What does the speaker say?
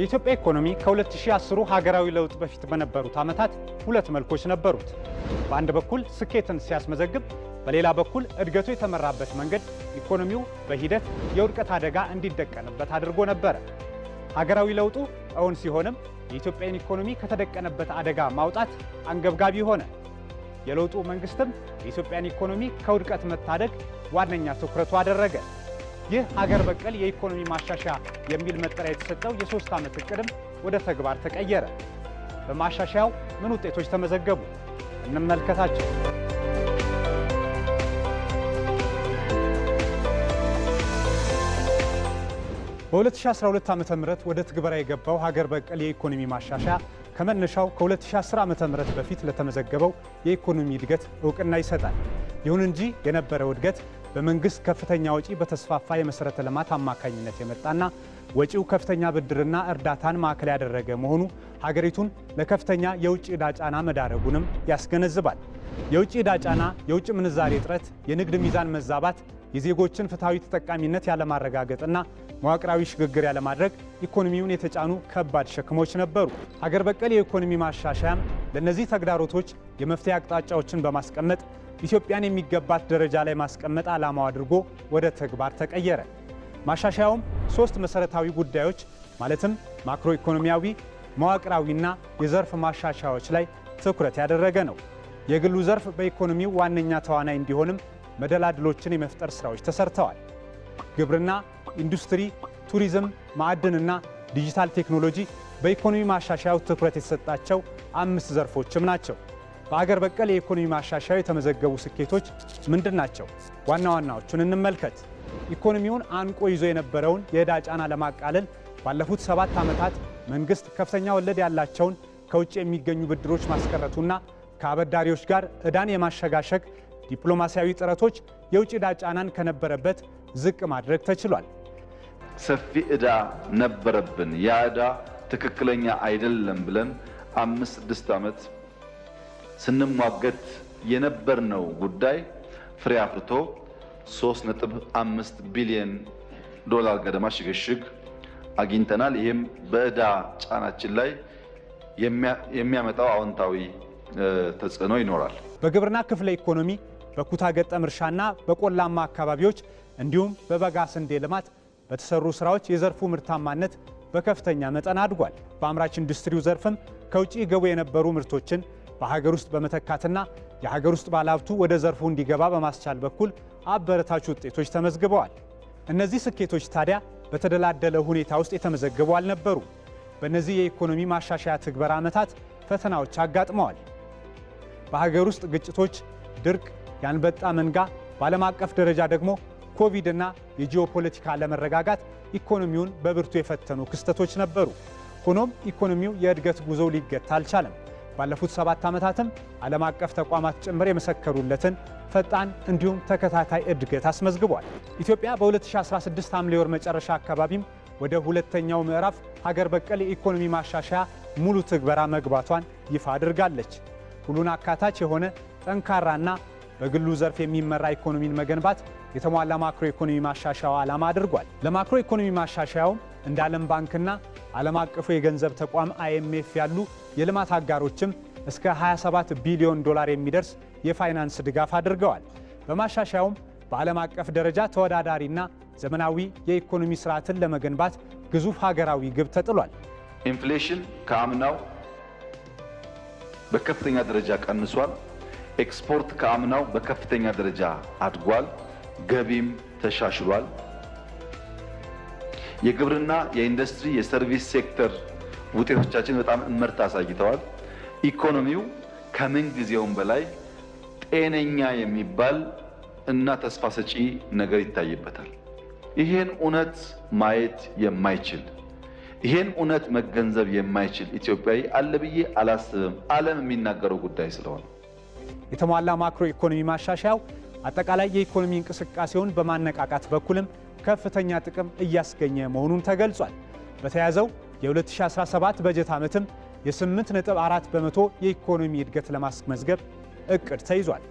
የኢትዮጵያ ኢኮኖሚ ከ2010 ሀገራዊ ለውጥ በፊት በነበሩት ዓመታት ሁለት መልኮች ነበሩት። በአንድ በኩል ስኬትን ሲያስመዘግብ፣ በሌላ በኩል እድገቱ የተመራበት መንገድ ኢኮኖሚው በሂደት የውድቀት አደጋ እንዲደቀንበት አድርጎ ነበረ። ሀገራዊ ለውጡ እውን ሲሆንም የኢትዮጵያን ኢኮኖሚ ከተደቀነበት አደጋ ማውጣት አንገብጋቢ ሆነ። የለውጡ መንግስትም የኢትዮጵያን ኢኮኖሚ ከውድቀት መታደግ ዋነኛ ትኩረቱ አደረገ። ይህ ሀገር በቀል የኢኮኖሚ ማሻሻያ የሚል መጠሪያ የተሰጠው የሶስት ዓመት እቅድም ወደ ተግባር ተቀየረ። በማሻሻያው ምን ውጤቶች ተመዘገቡ? እንመልከታቸው። በ2012 ዓ ም ወደ ትግበራ የገባው ሀገር በቀል የኢኮኖሚ ማሻሻያ ከመነሻው ከ2010 ዓ ም በፊት ለተመዘገበው የኢኮኖሚ እድገት እውቅና ይሰጣል። ይሁን እንጂ የነበረው እድገት በመንግስት ከፍተኛ ወጪ በተስፋፋ የመሰረተ ልማት አማካኝነት የመጣና ወጪው ከፍተኛ ብድርና እርዳታን ማዕከል ያደረገ መሆኑ ሀገሪቱን ለከፍተኛ የውጭ ዕዳ ጫና መዳረጉንም ያስገነዝባል። የውጭ ዕዳ ጫና፣ የውጭ ምንዛሬ እጥረት፣ የንግድ ሚዛን መዛባት፣ የዜጎችን ፍትሐዊ ተጠቃሚነት ያለማረጋገጥና መዋቅራዊ ሽግግር ያለማድረግ ኢኮኖሚውን የተጫኑ ከባድ ሸክሞች ነበሩ። ሀገር በቀል የኢኮኖሚ ማሻሻያም ለእነዚህ ተግዳሮቶች የመፍትሄ አቅጣጫዎችን በማስቀመጥ ኢትዮጵያን የሚገባት ደረጃ ላይ ማስቀመጥ ዓላማው አድርጎ ወደ ተግባር ተቀየረ። ማሻሻያውም ሶስት መሰረታዊ ጉዳዮች ማለትም ማክሮ ኢኮኖሚያዊ፣ መዋቅራዊና የዘርፍ ማሻሻያዎች ላይ ትኩረት ያደረገ ነው። የግሉ ዘርፍ በኢኮኖሚው ዋነኛ ተዋናይ እንዲሆንም መደላድሎችን የመፍጠር ስራዎች ተሰርተዋል። ግብርና፣ ኢንዱስትሪ፣ ቱሪዝም፣ ማዕድንና ዲጂታል ቴክኖሎጂ በኢኮኖሚ ማሻሻያው ትኩረት የተሰጣቸው አምስት ዘርፎችም ናቸው። በአገር በቀል የኢኮኖሚ ማሻሻያ የተመዘገቡ ስኬቶች ምንድን ናቸው? ዋና ዋናዎቹን እንመልከት። ኢኮኖሚውን አንቆ ይዞ የነበረውን የዕዳ ጫና ለማቃለል ባለፉት ሰባት ዓመታት መንግሥት ከፍተኛ ወለድ ያላቸውን ከውጭ የሚገኙ ብድሮች ማስቀረቱና ከአበዳሪዎች ጋር ዕዳን የማሸጋሸግ ዲፕሎማሲያዊ ጥረቶች የውጭ ዕዳ ጫናን ከነበረበት ዝቅ ማድረግ ተችሏል። ሰፊ ዕዳ ነበረብን፣ ያ ዕዳ ትክክለኛ አይደለም ብለን አምስት ስድስት ዓመት ስንሟገት የነበርነው ጉዳይ ፍሬ አፍርቶ 3.5 ቢሊዮን ዶላር ገደማ ሽግሽግ አግኝተናል። ይህም በእዳ ጫናችን ላይ የሚያመጣው አዎንታዊ ተጽዕኖ ይኖራል። በግብርና ክፍለ ኢኮኖሚ በኩታ ገጠም እርሻና በቆላማ አካባቢዎች እንዲሁም በበጋ ስንዴ ልማት በተሰሩ ስራዎች የዘርፉ ምርታማነት በከፍተኛ መጠን አድጓል። በአምራች ኢንዱስትሪው ዘርፍም ከውጭ ገቡ የነበሩ ምርቶችን በሀገር ውስጥ በመተካትና የሀገር ውስጥ ባለሀብቱ ወደ ዘርፉ እንዲገባ በማስቻል በኩል አበረታች ውጤቶች ተመዝግበዋል። እነዚህ ስኬቶች ታዲያ በተደላደለ ሁኔታ ውስጥ የተመዘገቡ አልነበሩ። በእነዚህ የኢኮኖሚ ማሻሻያ ትግበር ዓመታት ፈተናዎች አጋጥመዋል። በሀገር ውስጥ ግጭቶች፣ ድርቅ፣ የአንበጣ መንጋ፣ በዓለም አቀፍ ደረጃ ደግሞ ኮቪድ እና የጂኦፖለቲካ አለመረጋጋት ኢኮኖሚውን በብርቱ የፈተኑ ክስተቶች ነበሩ። ሆኖም ኢኮኖሚው የእድገት ጉዞው ሊገታ አልቻለም። ባለፉት ሰባት ዓመታትም ዓለም አቀፍ ተቋማት ጭምር የመሰከሩለትን ፈጣን እንዲሁም ተከታታይ እድገት አስመዝግቧል። ኢትዮጵያ በ2016 ሐምሌ ወር መጨረሻ አካባቢም ወደ ሁለተኛው ምዕራፍ ሀገር በቀል የኢኮኖሚ ማሻሻያ ሙሉ ትግበራ መግባቷን ይፋ አድርጋለች። ሁሉን አካታች የሆነ ጠንካራና በግሉ ዘርፍ የሚመራ ኢኮኖሚን መገንባት የተሟላ ማክሮ ኢኮኖሚ ማሻሻያው ዓላማ አድርጓል። ለማክሮ ኢኮኖሚ ማሻሻያው እንደ ዓለም ባንክና ዓለም አቀፉ የገንዘብ ተቋም አይኤምኤፍ ያሉ የልማት አጋሮችም እስከ 27 ቢሊዮን ዶላር የሚደርስ የፋይናንስ ድጋፍ አድርገዋል። በማሻሻያውም በዓለም አቀፍ ደረጃ ተወዳዳሪና ዘመናዊ የኢኮኖሚ ስርዓትን ለመገንባት ግዙፍ ሀገራዊ ግብ ተጥሏል። ኢንፍሌሽን ከአምናው በከፍተኛ ደረጃ ቀንሷል። ኤክስፖርት ከአምናው በከፍተኛ ደረጃ አድጓል። ገቢም ተሻሽሏል። የግብርና፣ የኢንዱስትሪ፣ የሰርቪስ ሴክተር ውጤቶቻችን በጣም እመርታ አሳይተዋል። ኢኮኖሚው ከምን ጊዜውም በላይ ጤነኛ የሚባል እና ተስፋ ሰጪ ነገር ይታይበታል። ይህን እውነት ማየት የማይችል ይህን እውነት መገንዘብ የማይችል ኢትዮጵያዊ አለ ብዬ አላስብም። ዓለም የሚናገረው ጉዳይ ስለሆነ የተሟላ ማክሮ ኢኮኖሚ ማሻሻያው አጠቃላይ የኢኮኖሚ እንቅስቃሴውን በማነቃቃት በኩልም ከፍተኛ ጥቅም እያስገኘ መሆኑን ተገልጿል። በተያዘው የ2017 በጀት ዓመትም የ8.4 በመቶ የኢኮኖሚ እድገት ለማስመዝገብ እቅድ ተይዟል።